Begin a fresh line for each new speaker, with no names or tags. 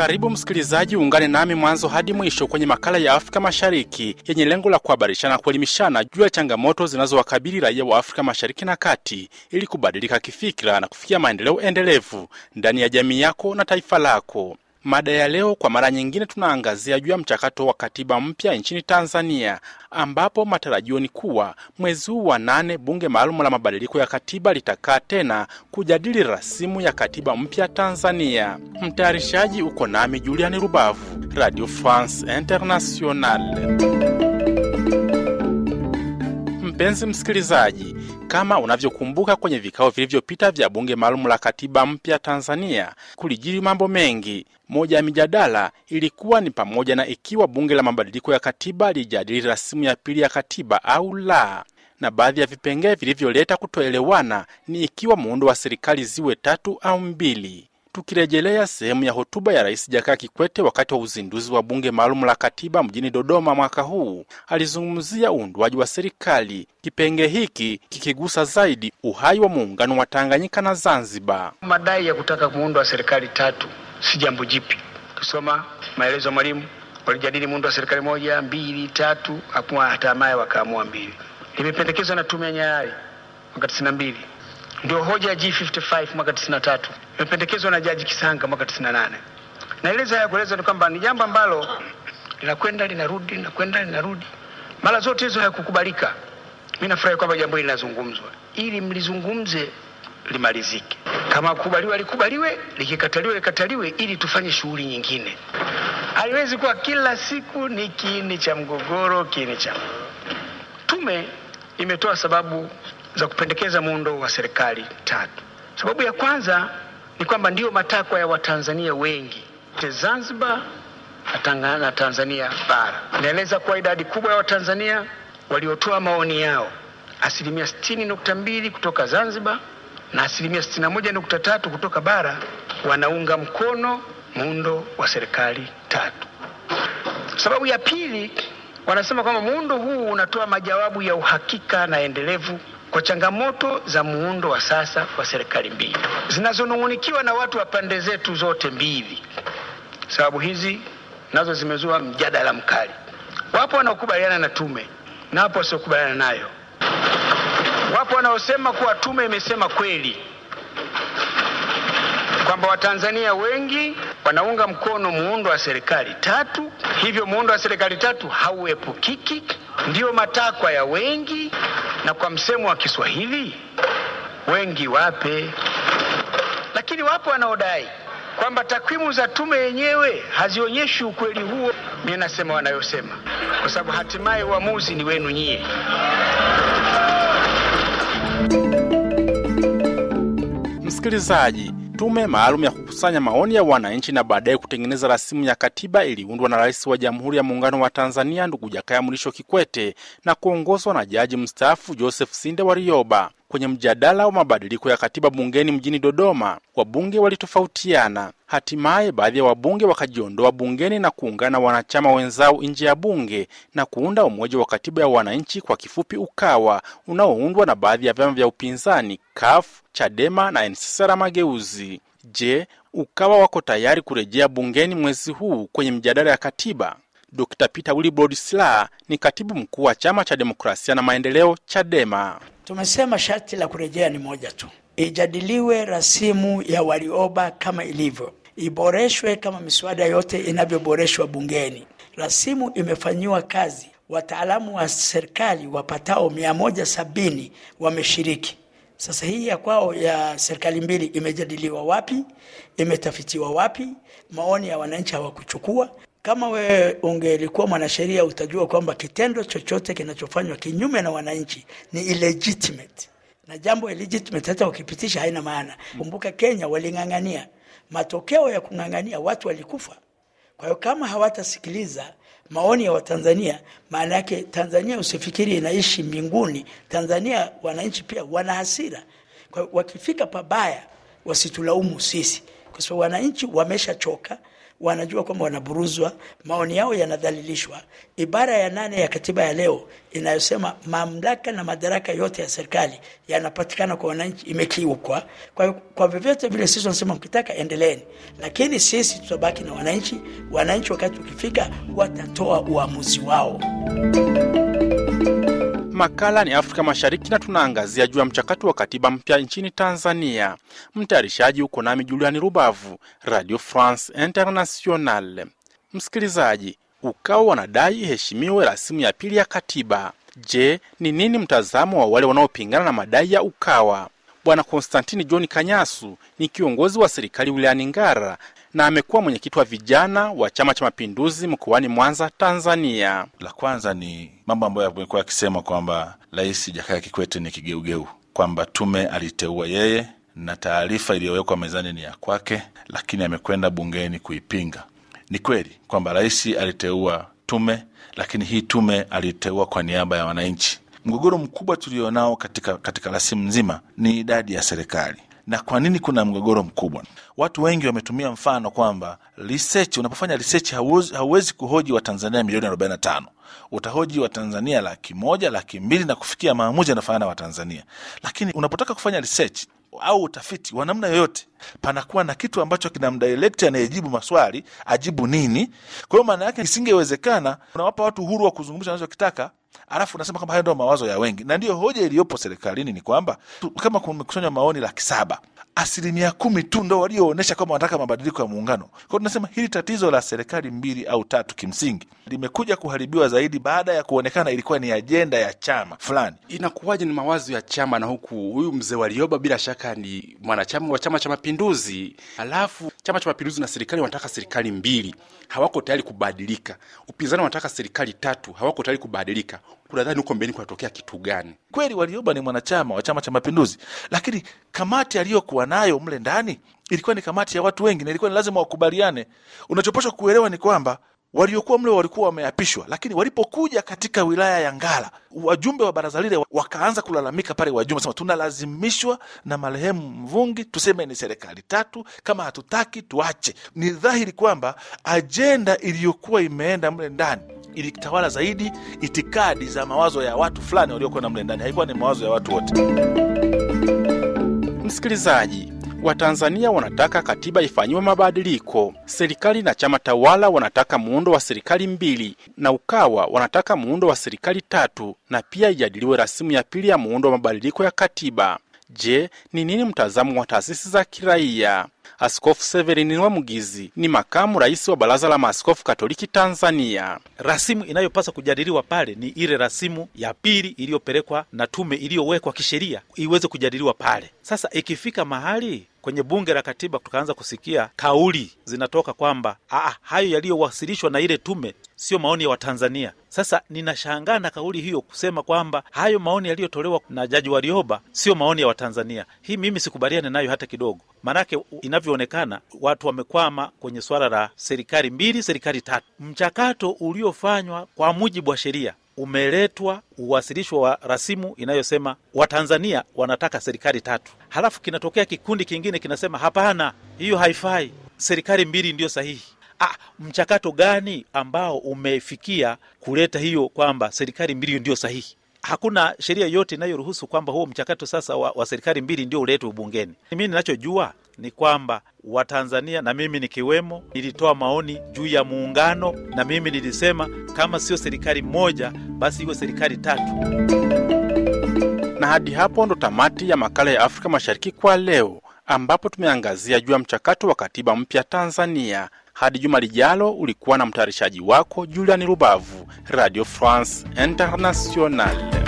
Karibu msikilizaji, uungane nami mwanzo hadi mwisho kwenye makala ya Afrika Mashariki yenye lengo la kuhabarishana, kuelimishana juu ya changamoto zinazowakabili raia wa Afrika Mashariki na Kati ili kubadilika kifikira na kufikia maendeleo endelevu ndani ya jamii yako na taifa lako. Mada ya leo kwa mara nyingine tunaangazia juu ya mchakato wa katiba mpya nchini Tanzania, ambapo matarajio ni kuwa mwezi huu wa nane bunge maalum la mabadiliko ya katiba litakaa tena kujadili rasimu ya katiba mpya Tanzania. Mtayarishaji uko nami Juliani Rubavu, Radio France Internationale. Mpenzi msikilizaji, kama unavyokumbuka kwenye vikao vilivyopita vya bunge maalum la katiba mpya Tanzania, kulijiri mambo mengi. Moja ya mijadala ilikuwa ni pamoja na ikiwa bunge la mabadiliko ya katiba lilijadili rasimu ya pili ya katiba au la na baadhi ya vipengee vilivyoleta kutoelewana ni ikiwa muundo wa serikali ziwe tatu au mbili. Tukirejelea sehemu ya hotuba ya Rais Jakaya Kikwete wakati wa uzinduzi wa bunge maalum la katiba mjini Dodoma mwaka huu, alizungumzia uundwaji wa serikali, kipengee hiki kikigusa zaidi uhai wa muungano wa Tanganyika na Zanzibar.
Madai ya kutaka muundo wa serikali tatu si jambo jipi. Ukisoma maelezo ya Mwalimu walijadili muundo wa serikali moja, mbili, tatu, hakuna hata wakaamua mbili. Limependekezwa na Tume ya Nyalali mwaka tisini na mbili ndio hoja ya G55 mwaka 93 imependekezwa na Jaji Kisanga mwaka 98. Naeleza haya kueleza ni kwamba ni jambo ambalo linakwenda linarudi linakwenda linarudi, mara zote hizo hayakukubalika. Mimi nafurahi kwamba jambo hili linazungumzwa ili mlizungumze limalizike. Kama kukubaliwa likubaliwe, likikataliwa likataliwe, ili tufanye shughuli nyingine. Haiwezi kuwa kila siku ni kiini cha mgogoro, kiini cha tume imetoa sababu za kupendekeza muundo wa serikali tatu. Sababu ya kwanza ni kwamba ndiyo matakwa ya Watanzania wengi Zanzibar na Tanzania bara. Inaeleza kuwa idadi kubwa ya Watanzania waliotoa maoni yao, asilimia 60.2 kutoka Zanzibar na asilimia 61.3 kutoka bara, wanaunga mkono muundo wa serikali tatu. Sababu ya pili, wanasema kwamba muundo huu unatoa majawabu ya uhakika na endelevu kwa changamoto za muundo wa sasa wa serikali mbili zinazonung'unikiwa na watu wa pande zetu zote mbili. Sababu hizi nazo zimezua mjadala mkali. Wapo wanaokubaliana na tume na wapo wasiokubaliana nayo. Wapo wanaosema kuwa tume imesema kweli kwamba Watanzania wengi wanaunga mkono muundo wa serikali tatu. Hivyo muundo wa serikali tatu hauepukiki, ndiyo matakwa ya wengi, na kwa msemo wa Kiswahili wengi wape. Lakini wapo wanaodai kwamba takwimu za tume yenyewe hazionyeshi ukweli huo. Mimi nasema wanayosema, kwa sababu hatimaye uamuzi ni wenu nyie.
Msikilizaji, tume maalum ya kukusanya maoni ya wananchi na baadaye kutengeneza rasimu ya katiba iliundwa na Rais wa Jamhuri ya Muungano wa Tanzania ndugu Jakaya Mrisho Kikwete na kuongozwa na Jaji mstaafu Joseph Sinde Warioba kwenye mjadala wa mabadiliko ya katiba bungeni mjini Dodoma, wabunge walitofautiana. Hatimaye baadhi ya wabunge wakajiondoa bungeni na kuungana wanachama wenzao nje ya bunge na kuunda Umoja wa Katiba ya Wananchi, kwa kifupi UKAWA, unaoundwa na baadhi ya vyama vya upinzani CUF, CHADEMA na NCCR Mageuzi. Je, UKAWA wako tayari kurejea bungeni mwezi huu kwenye mjadala ya katiba? Dr. Peter Willibrod Slaa ni katibu mkuu wa chama cha demokrasia na maendeleo Chadema.
Tumesema sharti la kurejea ni moja tu, ijadiliwe rasimu ya walioba kama ilivyo, iboreshwe kama miswada yote inavyoboreshwa bungeni. Rasimu imefanyiwa kazi, wataalamu wa serikali wapatao mia sabini wameshiriki. Sasa hii ya kwao ya serikali mbili imejadiliwa wapi? Imetafitiwa wapi? Maoni ya wananchi hawakuchukua. Kama wewe ungelikuwa mwanasheria utajua kwamba kitendo chochote kinachofanywa kinyume na wananchi ni illegitimate, na jambo illegitimate hata ukipitisha haina maana. Kumbuka Kenya waling'ang'ania, matokeo ya kung'ang'ania watu walikufa. Kwa hiyo kama hawatasikiliza maoni ya Watanzania, maana yake Tanzania usifikiri inaishi mbinguni. Tanzania wananchi pia wana hasira, kwa wakifika pabaya wasitulaumu sisi, kwa sababu wananchi wameshachoka wanajua kwamba wanaburuzwa, maoni yao yanadhalilishwa. Ibara ya nane ya katiba ya leo inayosema mamlaka na madaraka yote ya serikali yanapatikana kwa wananchi imekiukwa. Kwa, kwa vyovyote vile sisi wanasema mkitaka endeleeni, lakini sisi tutabaki na wananchi. Wananchi wakati ukifika watatoa uamuzi wao.
Makala ni Afrika Mashariki na tunaangazia juu ya mchakato wa katiba mpya nchini Tanzania. Mtayarishaji uko nami Juliani Rubavu, Radio France International. Msikilizaji, UKAWA wanadai iheshimiwe rasimu ya pili ya katiba. Je, ni nini mtazamo wa wale wanaopingana na madai ya UKAWA? Bwana Konstantini John Kanyasu ni kiongozi wa serikali wilayani Ngara na amekuwa mwenyekiti wa vijana wa Chama cha Mapinduzi mkoani Mwanza, Tanzania.
La kwanza ni mambo ambayo yamekuwa yakisema kwamba Rais Jakaya Kikwete ni kigeugeu, kwamba tume aliteua yeye na taarifa iliyowekwa mezani ni ya kwake, lakini amekwenda bungeni kuipinga. Ni kweli kwamba rais aliteua tume, lakini hii tume aliteua kwa niaba ya wananchi. Mgogoro mkubwa tulionao katika, katika rasimu nzima ni idadi ya serikali na kwa nini kuna mgogoro mkubwa. Watu wengi wametumia mfano kwamba research, unapofanya research hauwezi kuhoji Watanzania milioni 45 utahoji Watanzania laki moja laki mbili na kufikia maamuzi yanayofanana na Watanzania, lakini unapotaka kufanya research au utafiti wa namna yoyote, panakuwa na kitu ambacho kina mdirekti anayejibu maswali ajibu nini. Kwa hiyo maana yake isingewezekana, unawapa watu uhuru wa kuzungumza wanachokitaka alafu unasema kwamba hayo ndio mawazo ya wengi, na ndiyo hoja iliyopo serikalini ni kwamba kama kumekusanywa maoni laki saba asilimia kumi tu ndo walioonyesha kwamba wanataka mabadiliko ya muungano. Kwa hiyo tunasema hili tatizo la serikali mbili au tatu kimsingi limekuja kuharibiwa zaidi baada ya kuonekana ilikuwa ni ajenda ya chama fulani. Inakuwaje? Ni mawazo ya chama, na huku huyu mzee
Walioba bila shaka ni mwanachama wa Chama cha Mapinduzi, alafu Chama cha Mapinduzi na serikali wanataka serikali mbili, hawako tayari kubadilika. Upinzani wanataka serikali tatu, hawako tayari
kubadilika kunadhani huko mbeleni kunatokea kitu gani? Kweli Warioba ni mwanachama wa Chama cha Mapinduzi, lakini kamati aliyokuwa nayo mle ndani ilikuwa ni kamati ya watu wengi na ilikuwa ni lazima wakubaliane. Unachopashwa kuelewa ni kwamba waliokuwa mle walikuwa wameapishwa, lakini walipokuja katika wilaya ya Ngara wajumbe wa baraza lile wakaanza kulalamika pale, wajumbe sema tunalazimishwa na marehemu Mvungi tuseme ni serikali tatu, kama hatutaki tuache. Ni dhahiri kwamba ajenda iliyokuwa imeenda mle ndani ilitawala zaidi itikadi za mawazo ya watu fulani waliokwenda mle ndani, haikuwa ni mawazo ya watu wote.
Msikilizaji, Watanzania wanataka katiba ifanyiwe mabadiliko. Serikali na chama tawala wanataka muundo wa serikali mbili, na Ukawa wanataka muundo wa serikali tatu, na pia ijadiliwe rasimu ya pili ya muundo wa mabadiliko ya katiba. Je, ni nini mtazamo wa taasisi za kiraia? Askofu Severini Mugizi ni makamu rais wa Baraza la Maaskofu Katoliki Tanzania.
Rasimu inayopaswa kujadiliwa pale ni ile rasimu ya pili iliyopelekwa na tume iliyowekwa kisheria iweze kujadiliwa pale. Sasa ikifika mahali kwenye bunge la katiba tukaanza kusikia kauli zinatoka kwamba ah, ah, hayo yaliyowasilishwa na ile tume sio maoni ya Watanzania. Sasa ninashangaa na kauli hiyo kusema kwamba hayo maoni yaliyotolewa na Jaji Warioba sio maoni ya Watanzania. Hii mimi sikubaliane nayo hata kidogo, maanake inavyoonekana watu wamekwama kwenye swala la serikali mbili, serikali tatu. Mchakato uliofanywa kwa mujibu wa sheria umeletwa uwasilisho wa rasimu inayosema Watanzania wanataka serikali tatu, halafu kinatokea kikundi kingine kinasema hapana, hiyo haifai, serikali mbili ndiyo sahihi. Ah, mchakato gani ambao umefikia kuleta hiyo kwamba serikali mbili ndiyo sahihi? Hakuna sheria yote inayoruhusu kwamba huo mchakato sasa wa, wa serikali mbili ndio uletwe bungeni. Mimi ninachojua ni kwamba Watanzania na mimi nikiwemo, nilitoa maoni juu ya muungano, na mimi nilisema kama sio serikali moja, basi iwe serikali tatu. Na hadi hapo ndo tamati ya makala ya
Afrika Mashariki kwa leo, ambapo tumeangazia juu ya mchakato wa katiba mpya Tanzania. Hadi juma lijalo, ulikuwa na mtayarishaji wako Julian Rubavu, Radio France Internationale.